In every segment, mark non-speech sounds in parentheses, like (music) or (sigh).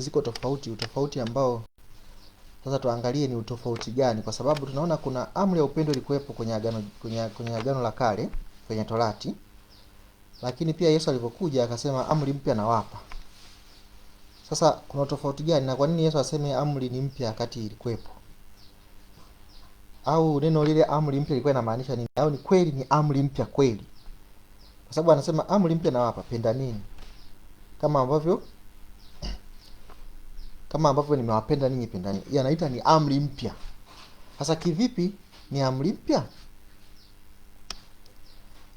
ziko tofauti, utofauti ambao sasa tuangalie ni utofauti gani, kwa sababu tunaona kuna amri ya upendo ilikuwepo kwenye agano, kwenye, kwenye agano la kale kwenye Torati, lakini pia Yesu alipokuja akasema amri mpya nawapa. Sasa kuna tofauti gani, na kwa nini Yesu aseme amri ni mpya kati ilikuwepo? Au neno lile amri mpya ilikuwa inamaanisha nini? Au ni kweli ni amri mpya kweli? Kwa sababu anasema amri mpya nawapa, pendaneni kama ambavyo kama ambavyo nimewapenda ninyi pendani. Yanaita ni amri mpya. Sasa kivipi ni amri mpya?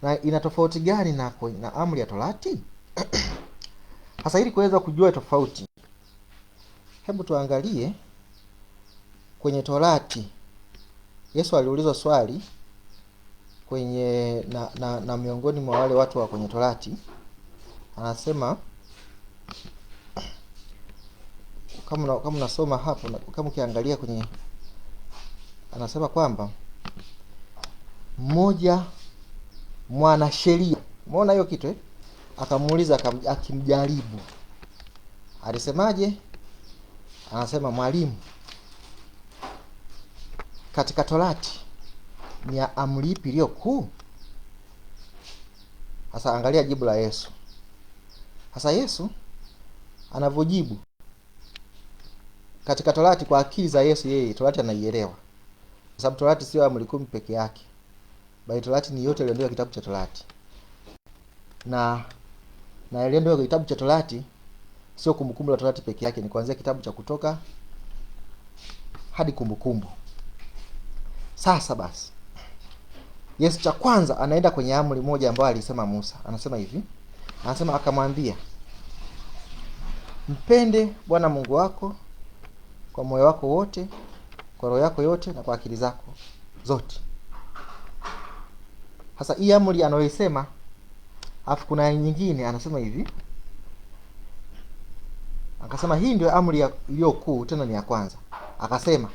Na ina tofauti gani na na amri ya Torati? (clears throat) Sasa ili kuweza kujua tofauti, hebu tuangalie kwenye Torati. Yesu aliulizwa swali kwenye na, na, na miongoni mwa wale watu wa kwenye Torati anasema kama kama unasoma hapo, kama ukiangalia kwenye, anasema kwamba mmoja mwanasheria, umeona hiyo kitu eh? Akamuuliza akimjaribu, alisemaje? Anasema, mwalimu, katika Torati ni ya amri ipi iliyo kuu? Sasa angalia jibu la Yesu. Sasa Yesu anavyojibu katika Torati kwa akili za Yesu yeye Torati anaielewa. Kwa sababu Torati sio amri kumi peke yake. Bali Torati ni yote iliyoandikwa kitabu cha Torati. Na na iliyoandikwa kitabu cha Torati sio kumbukumbu la Torati peke yake, ni kuanzia kitabu cha Kutoka hadi kumbukumbu. Sasa basi, Yesu cha kwanza anaenda kwenye amri moja ambayo alisema Musa. Anasema hivi. Anasema akamwambia, mpende Bwana Mungu wako kwa moyo wako wote, kwa roho yako yote na kwa akili zako zote. Sasa hii amri anayoisema, alafu kuna nyingine anasema hivi, akasema hii ndio amri iliyokuu, tena ni ya kwanza. Akasema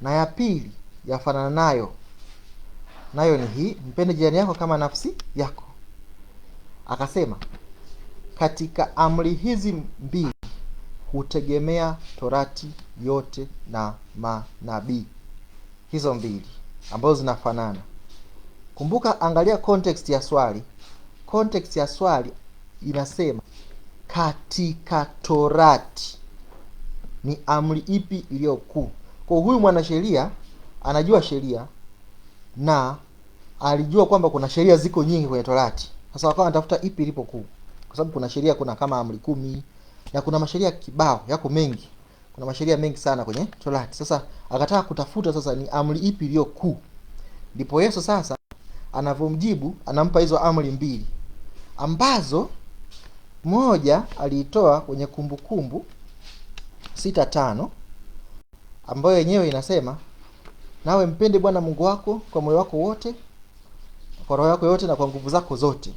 na ya pili yafanana nayo, nayo ni hii, mpende jirani yako kama nafsi yako. Akasema katika amri hizi mbili hutegemea Torati yote na manabii, hizo mbili ambazo zinafanana. Kumbuka, angalia context ya swali. Context ya swali inasema katika Torati ni amri ipi iliyokuu kuu? Kwa huyu mwanasheria anajua sheria na alijua kwamba kuna sheria ziko nyingi kwenye Torati. Sasa wakawa anatafuta ipi ilipo kuu, kwa sababu kuna sheria, kuna kama amri kumi na kuna masheria kibao yako mengi, kuna masheria mengi sana kwenye Torati. Sasa akataka kutafuta sasa ni amri ipi iliyo kuu, ndipo Yesu sasa anavyomjibu anampa hizo amri mbili ambazo moja aliitoa kwenye Kumbukumbu sita tano ambayo yenyewe inasema nawe mpende Bwana Mungu wako kwa moyo wako wote, kwa roho yako yote na kwa nguvu zako zote.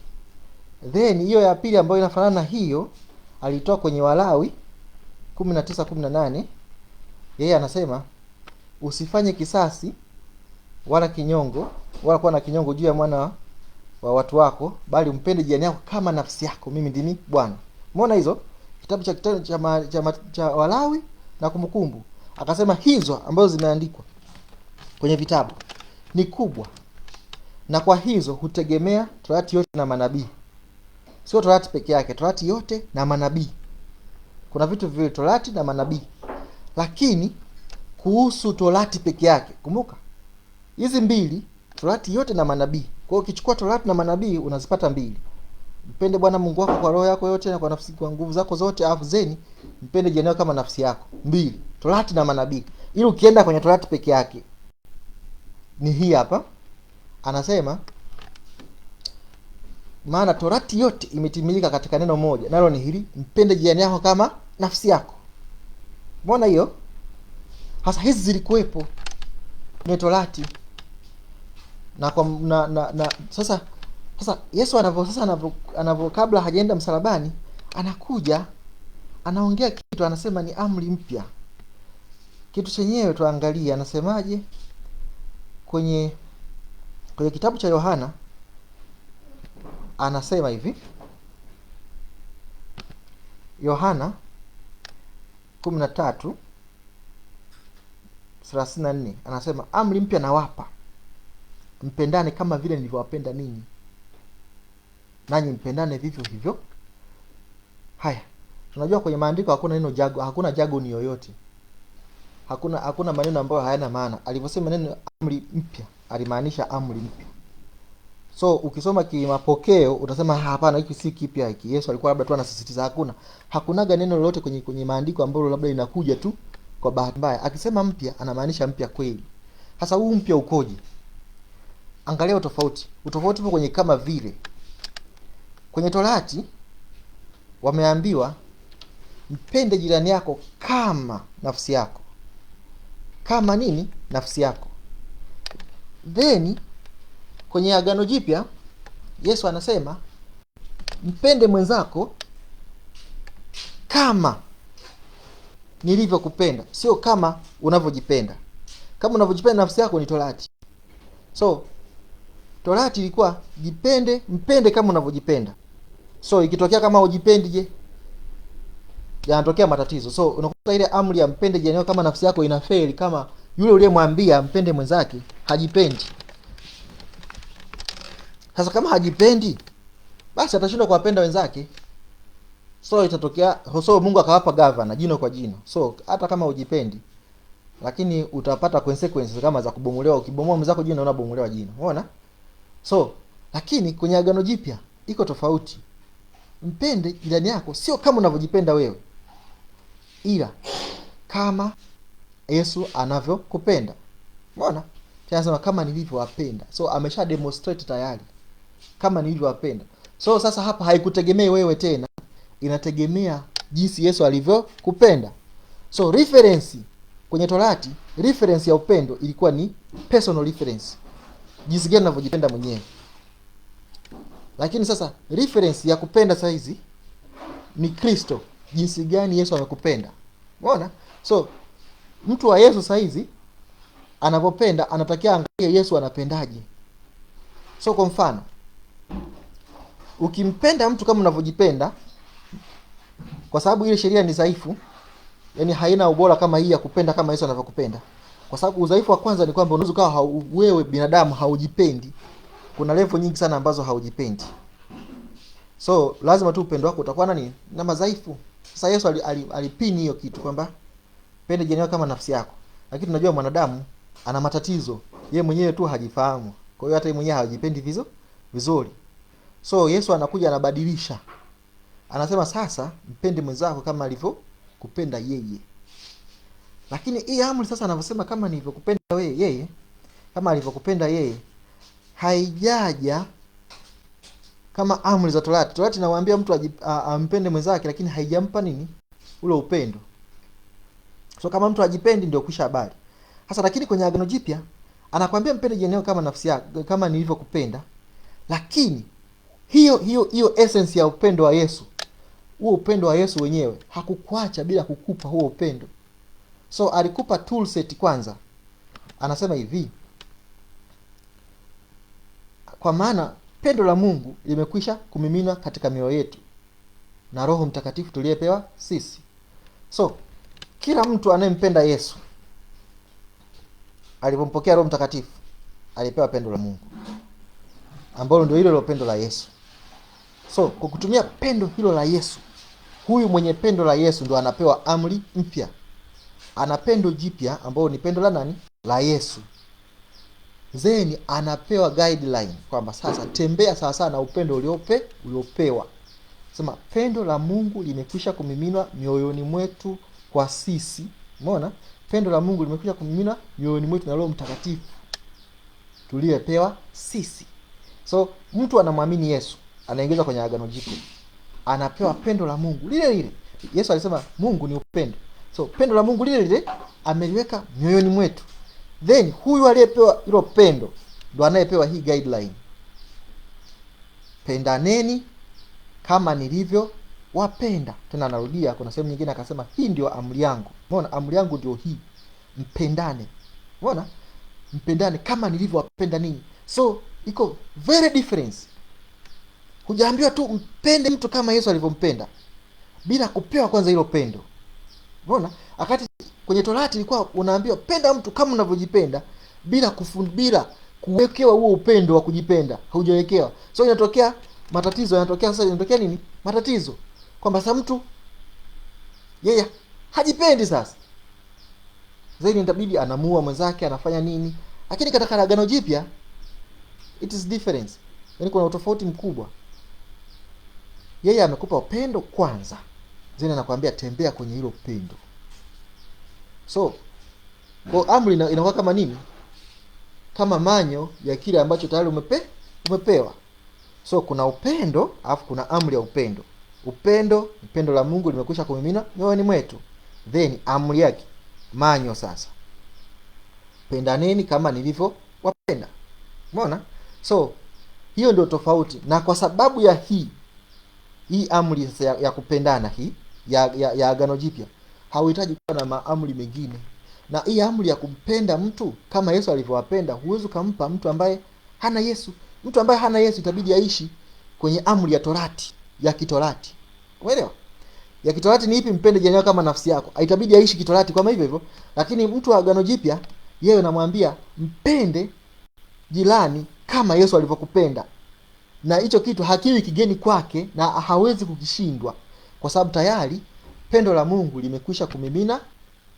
Then hiyo ya pili ambayo inafanana na hiyo alitoa kwenye Walawi 1918 yeye anasema usifanye kisasi wala kinyongo wala kuwa na kinyongo juu ya mwana wa watu wako, bali umpende jirani yako kama nafsi yako, mimi ndimi Bwana. Umeona hizo kitabu cha kitabu cha, ma, cha, ma, cha Walawi na Kumbukumbu, akasema hizo ambazo zimeandikwa kwenye vitabu ni kubwa, na kwa hizo hutegemea torati yote na manabii sio torati peke yake, torati yote na manabii. Kuna vitu viwili, torati na manabii. Lakini kuhusu torati peke yake, kumbuka hizi mbili, torati yote na manabii. Kwa ukichukua torati na manabii unazipata mbili, mpende Bwana Mungu wako kwa roho yako yote na kwa nafsi, kwa nguvu zako zote, alafu zeni mpende jirani kama nafsi yako. Mbili, torati na manabii. Ili ukienda kwenye torati peke yake ni hii hapa, anasema maana torati yote imetimilika katika neno moja, nalo ni hili, mpende jirani yako kama nafsi yako. Mbona hiyo hasa, hizi zilikuwepo ne torati na kwa na, na, na sasa sasa Yesu anavyo sasa anavyo, anavyo kabla hajaenda msalabani anakuja anaongea kitu anasema ni amri mpya. Kitu chenyewe tuangalie anasemaje kwenye kwenye kitabu cha Yohana anasema hivi Yohana 13 34 anasema amri mpya nawapa, mpendane kama vile nilivyowapenda ninyi, nanyi mpendane vivyo hivyo. Haya, tunajua kwenye maandiko hakuna neno jago, hakuna jago ni yoyote, hakuna hakuna maneno ambayo hayana maana. Alivyosema neno amri mpya, alimaanisha amri mpya. So ukisoma kimapokeo utasema hapana, hiki si kipya hiki. Yesu alikuwa labda tu anasisitiza. Hakuna hakunaga neno lolote kwenye kwenye maandiko ambalo labda linakuja tu kwa bahati mbaya. Akisema mpya, anamaanisha mpya kweli. Sasa huu mpya ukoje? Angalia utofauti. Utofauti upo kwenye kama vile. Kwenye Torati wameambiwa mpende jirani yako kama nafsi yako. Kama nini? Nafsi yako. Then Kwenye Agano Jipya Yesu anasema mpende mwenzako kama nilivyokupenda, sio kama unavyojipenda. Kama unavyojipenda nafsi yako ni torati. So torati ilikuwa jipende, mpende kama unavyojipenda. So ikitokea kama ujipendi je, yanatokea matatizo. So unakuta ile amri ya mpende jirani kama nafsi yako inafeli, kama yule uliyemwambia mpende mwenzake hajipendi. Sasa kama hajipendi, basi atashindwa kuwapenda wenzake. So itatokea so Mungu akawapa gavana jino kwa jino. So hata kama ujipendi lakini utapata consequences kama za kubomolewa. Ukibomoa mwenzako jino unabomolewa jino. Unaona? So lakini kwenye agano jipya iko tofauti. Mpende jirani yako sio kama unavyojipenda wewe, ila kama Yesu anavyokupenda. Unaona? Tena sema kama nilivyowapenda. So amesha demonstrate tayari kama nilivyowapenda. So sasa hapa haikutegemei wewe tena, inategemea jinsi Yesu alivyokupenda. So reference kwenye Torati, reference ya upendo ilikuwa ni personal reference, jinsi gani unavyojipenda mwenyewe. Lakini sasa reference ya kupenda saa hizi ni Kristo, jinsi gani Yesu amekupenda. Umeona? So mtu wa Yesu saa hizi anavyopenda anatakiwa angalie Yesu anapendaje. So kwa mfano ukimpenda mtu kama unavyojipenda, kwa sababu ile sheria ni dhaifu, yani haina ubora kama hii ya kupenda kama Yesu anavyokupenda, kwa sababu udhaifu wa kwanza ni kwamba unaweza ukawa wewe binadamu haujipendi. Kuna level nyingi sana ambazo haujipendi, so lazima tu upendo wako utakuwa nani na madhaifu. Sasa Yesu alipini hiyo kitu kwamba pende jirani kama nafsi yako, lakini tunajua mwanadamu ana matatizo, ye mwenyewe tu hajifahamu, kwa hiyo hata yeye mwenyewe hajipendi vizo vizuri. So Yesu anakuja anabadilisha, anasema sasa mpende mwenzako kama alivyo kupenda yeye. Lakini hii amri sasa anavyosema kama nilivyokupenda wewe yeye, kama alivyokupenda yeye, haijaja kama amri za Torati. Torati nawambia mtu ampende mwenzake, lakini haijampa nini ule upendo. So kama mtu ajipendi, ndio kuisha habari sasa. Lakini kwenye Agano Jipya anakwambia mpende jeneo kama nafsi yako, kama nilivyokupenda, lakini hiyo hiyo hiyo essence ya upendo wa Yesu, huo upendo wa Yesu wenyewe hakukuacha bila kukupa huo upendo. So alikupa tool set kwanza, anasema hivi, kwa maana pendo la Mungu limekwisha kumiminwa katika mioyo yetu na Roho Mtakatifu tuliyepewa sisi. So kila mtu anayempenda Yesu alipompokea Roho Mtakatifu alipewa pendo la Mungu ambalo ndio hilo lilo pendo la Yesu. So kwa kutumia pendo hilo la Yesu, huyu mwenye pendo la Yesu ndo anapewa amri mpya, ana pendo jipya ambayo ni pendo la nani? La Yesu. Then anapewa guideline kwamba sasa tembea sawasawa na upendo uliope uliopewa. Sema pendo la Mungu limekwisha kumiminwa mioyoni mwetu kwa sisi. Umeona? Pendo la Mungu limekwisha kumiminwa mioyoni mwetu na Roho Mtakatifu tuliyepewa sisi. So mtu anamwamini Yesu anaingiza kwenye agano jipya, anapewa pendo la Mungu lile lile. Yesu alisema Mungu ni upendo, so pendo la Mungu lile lile ameliweka mioyoni mwetu, then huyu aliyepewa hilo pendo ndo anayepewa hii guideline, pendaneni kama nilivyo wapenda. Tena narudia, kuna sehemu nyingine akasema hii ndio amri yangu. Umeona, amri yangu ndio hii, mpendane. Umeona, mpendane kama nilivyo wapenda nini So iko very difference Hujaambiwa tu mpende mtu kama Yesu alivyompenda bila kupewa kwanza hilo pendo. Unaona? akati kwenye Torati ilikuwa unaambiwa penda mtu kama unavyojipenda bila kufund, bila kuwekewa huo upendo wa kujipenda. Haujawekewa. So inatokea matatizo, yanatokea sasa inatokea nini? Matatizo. Kwamba sasa mtu yeye yeah, hajipendi sasa. Zaidi itabidi anamua mwenzake, anafanya nini? Lakini katika Agano Jipya it is difference. Yaani kuna utofauti mkubwa. Yeye amekupa upendo kwanza, then anakuambia tembea kwenye hilo upendo. So kwa amri inakuwa kama nini? Kama manyo ya kile ambacho tayari umepe, umepewa. So kuna upendo alafu kuna amri ya upendo. Upendo ni pendo la Mungu limekwisha kumimina mioyoni mwetu, then amri yake manyo sasa, pendaneni kama nilivyo wapenda. Umeona? So hiyo ndio tofauti, na kwa sababu ya hii hii amri sasa ya, ya kupendana hii ya, ya, ya agano jipya hauhitaji kuwa na maamri mengine na hii amri ya kumpenda mtu kama Yesu alivyowapenda huwezi ukampa mtu ambaye hana Yesu. Mtu ambaye hana Yesu itabidi aishi kwenye amri ya Torati ya kitorati, umeelewa? Ya kitorati ni ipi? Mpende jirani kama nafsi yako. Itabidi aishi kitorati kama hivyo hivyo, lakini mtu wa agano jipya yeye unamwambia mpende jirani kama Yesu alivyokupenda na hicho kitu hakiwi kigeni kwake na hawezi kukishindwa, kwa sababu tayari pendo la Mungu limekwisha kumimina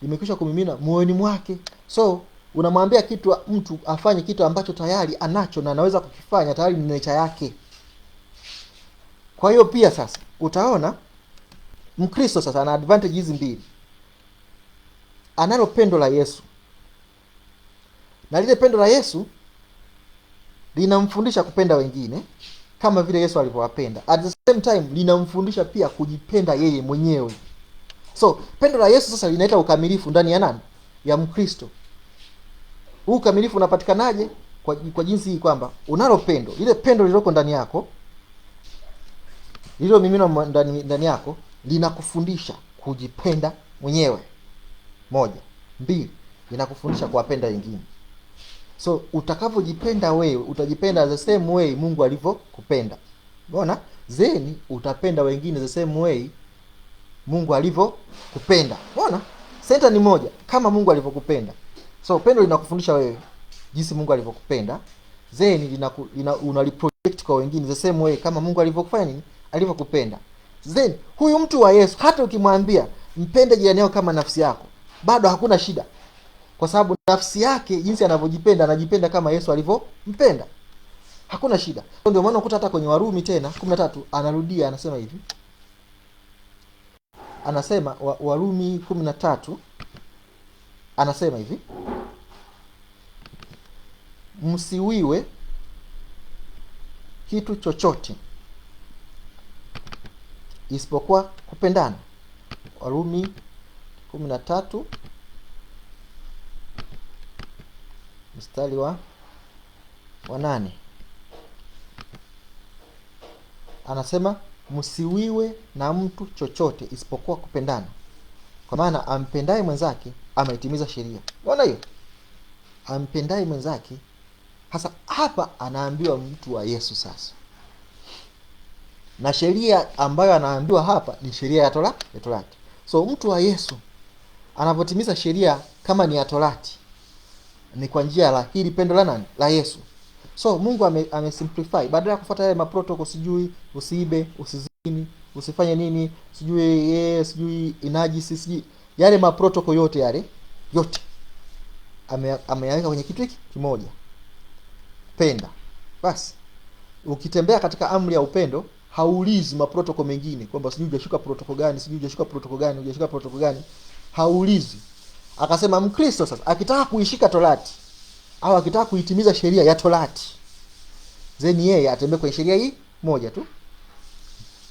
limekwisha kumimina moyoni mwake. So unamwambia kitu mtu afanye kitu ambacho tayari anacho na anaweza kukifanya, tayari ni nature yake. Kwa hiyo pia sasa utaona Mkristo sasa ana advantage hizi mbili, analo pendo la Yesu na lile pendo la Yesu linamfundisha kupenda wengine kama vile Yesu alivyowapenda. At the same time linamfundisha pia kujipenda yeye mwenyewe. So pendo la Yesu sasa linaleta ukamilifu ndani ya nani? Ya Mkristo. Huu ukamilifu unapatikanaje? Kwa, kwa jinsi hii kwamba unalo pendo, ile pendo liloko ndani yako lilo miminwa ndani, ndani yako linakufundisha kujipenda mwenyewe. Moja, mbili, linakufundisha kuwapenda wengine. So utakavyojipenda wewe utajipenda the same way Mungu alivyokupenda. Umeona? Then utapenda wengine the same way Mungu alivyokupenda. Umeona? Senta ni moja kama Mungu alivyokupenda. So pendo linakufundisha wewe jinsi Mungu alivyokupenda. Then linaku, lina, unaliproject kwa wengine the same way kama Mungu alivyokufanya nini? Alivyokupenda. Then huyu mtu wa Yesu hata ukimwambia mpende jirani yako kama nafsi yako, bado hakuna shida kwa sababu nafsi yake jinsi anavyojipenda anajipenda kama Yesu alivyompenda. Hakuna shida. Ndio maana ukuta hata kwenye Warumi tena 13 anarudia anasema hivi. Anasema wa, Warumi 13 anasema hivi. Msiwiwe kitu chochote isipokuwa kupendana. Warumi tatu mstari wa wa nane anasema msiwiwe na mtu chochote isipokuwa kupendana, kwa maana ampendaye mwenzake ameitimiza sheria. Unaona hiyo, ampendaye mwenzake. hasa hapa anaambiwa mtu wa Yesu sasa, na sheria ambayo anaambiwa hapa ni sheria ya Torati ya Torati. So mtu wa Yesu anapotimiza sheria kama ni ya Torati ni kwa njia la hili pendo la nani la Yesu. So Mungu ame, ame simplify badala ya kufuata yale maprotoko, sijui usiibe, usizini, usifanye nini, sijui yeye, sijui inajisi, sijui yale maprotoko yote yale yote ame, kwenye kitu hiki kimoja, penda. Basi ukitembea katika amri ya upendo haulizi maprotoko mengine kwamba sijui hujashuka protoko gani, sijui hujashuka protoko gani, hujashuka protoko gani, haulizi. Akasema Mkristo sasa akitaka kuishika Torati au akitaka kuitimiza sheria ya Torati, zeni yeye atembee kwenye sheria hii moja tu.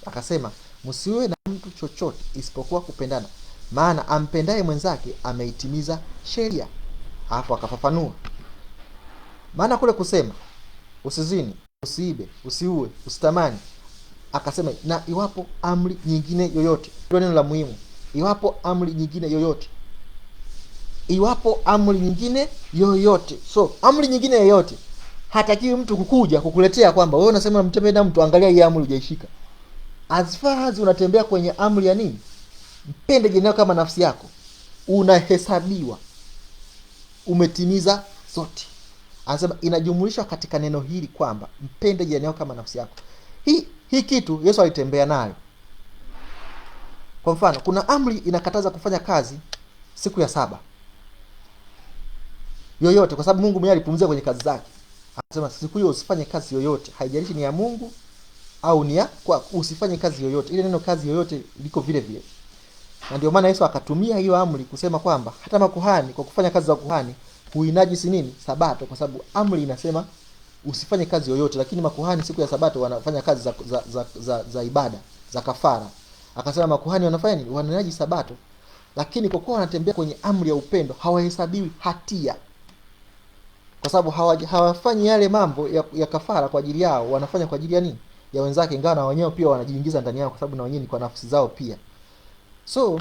Akasema msiwe na mtu chochote isipokuwa kupendana, maana ampendaye mwenzake ameitimiza sheria. Hapo akafafanua maana kule kusema usizini, usiibe, usiue, usitamani, akasema na iwapo amri nyingine yoyote, ndio neno la muhimu, iwapo amri nyingine yoyote iwapo amri nyingine yoyote. So amri nyingine yoyote hatakiwi mtu kukuja kukuletea kwamba wewe unasema mtembee na mtu, angalia hii amri hujaishika. As far as unatembea kwenye amri ya nini, mpende jirani kama nafsi yako, unahesabiwa umetimiza zote. Anasema inajumulishwa katika neno hili kwamba mpende jirani kama nafsi yako. Hii hii kitu Yesu alitembea nayo. Kwa mfano, kuna amri inakataza kufanya kazi siku ya saba yoyote, kwa sababu Mungu mwenyewe alipumzika kwenye kazi zake. Anasema siku hiyo usifanye kazi yoyote, haijalishi ni ya Mungu au ni ya kwa, usifanye kazi yoyote. Ile neno kazi yoyote liko vile vile, na ndio maana Yesu akatumia hiyo amri kusema kwamba hata makuhani kwa kufanya kazi za kuhani huinajisi nini Sabato, kwa sababu amri inasema usifanye kazi yoyote, lakini makuhani siku ya Sabato wanafanya kazi za za, za, za, za ibada za kafara. Akasema makuhani wanafanya nini? Wananaji Sabato, lakini kwa kuwa wanatembea kwenye amri ya upendo hawahesabiwi hatia kwa sababu hawafanyi yale mambo ya, ya kafara kwa ajili yao, wanafanya kwa ajili ya nini? Ya wenzake, ingawa na wenyewe pia wanajiingiza ndani yao, kwa sababu na wenyewe ni kwa nafsi zao pia. So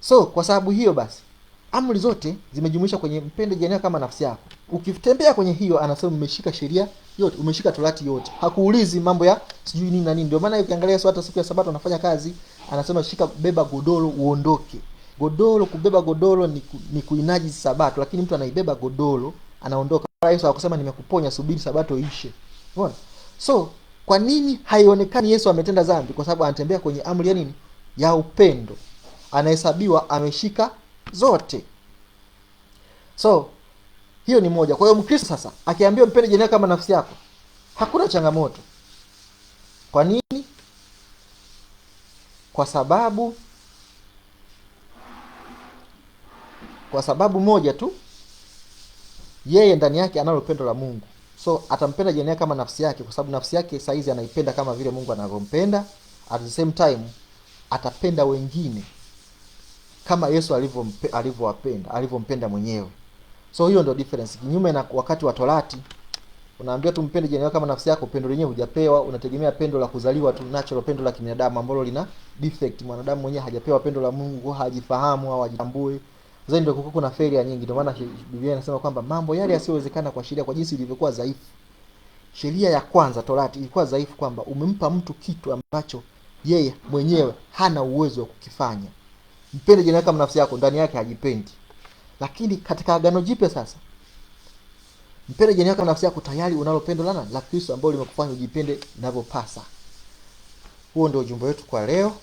so kwa sababu hiyo basi amri zote zimejumuisha kwenye mpende jirani kama nafsi yako. Ukitembea kwenye hiyo, anasema umeshika sheria yote, umeshika torati yote. Hakuulizi mambo ya sijui nini na nini. Ndio maana ukiangalia hata siku ya Sabato anafanya kazi, anasema shika, beba godoro uondoke. Godoro, kubeba godoro ni, ni kuinaji Sabato, lakini mtu anaibeba godoro anaondoka. Yesu hakusema nimekuponya, subiri Sabato ishe. Umeona? So kwa nini haionekani Yesu ametenda dhambi? Kwa sababu anatembea kwenye amri ya nini? Ya upendo, anahesabiwa ameshika zote. So hiyo ni moja. Kwa hiyo Mkristo sasa akiambiwa mpende jirani kama nafsi yako, hakuna changamoto. Kwa nini? Kwa sababu kwa sababu moja tu, yeye ndani yake analo pendo la Mungu, so atampenda jirani kama nafsi yake, kwa sababu nafsi yake saizi anaipenda kama vile Mungu anavyompenda. At the same time atapenda wengine kama Yesu alivyowapenda alivyompenda mwenyewe. So hiyo ndio difference, kinyume na wakati wa Torati unaambiwa tumpende jirani kama nafsi yako. Pendo lenyewe hujapewa, unategemea pendo la kuzaliwa tu, natural pendo la kibinadamu ambalo lina defect. Mwanadamu mwenyewe hajapewa pendo la Mungu, hajifahamu au hajitambui. Sasa ndio kuko kuna failure nyingi, ndio maana Biblia inasema kwamba mambo yale yasiyowezekana kwa sheria, kwa jinsi ilivyokuwa dhaifu. Sheria ya kwanza Torati ilikuwa dhaifu, kwamba umempa mtu kitu ambacho yeye mwenyewe hana uwezo wa kukifanya. Mpende jirani kama nafsi yako, ndani yake hajipendi. Lakini katika agano jipya sasa, mpende jirani yako nafsi yako, tayari unalo pendo lana la Kristo ambalo limekufanya ujipende navyopasa. Huo ndio ujumbe wetu kwa leo.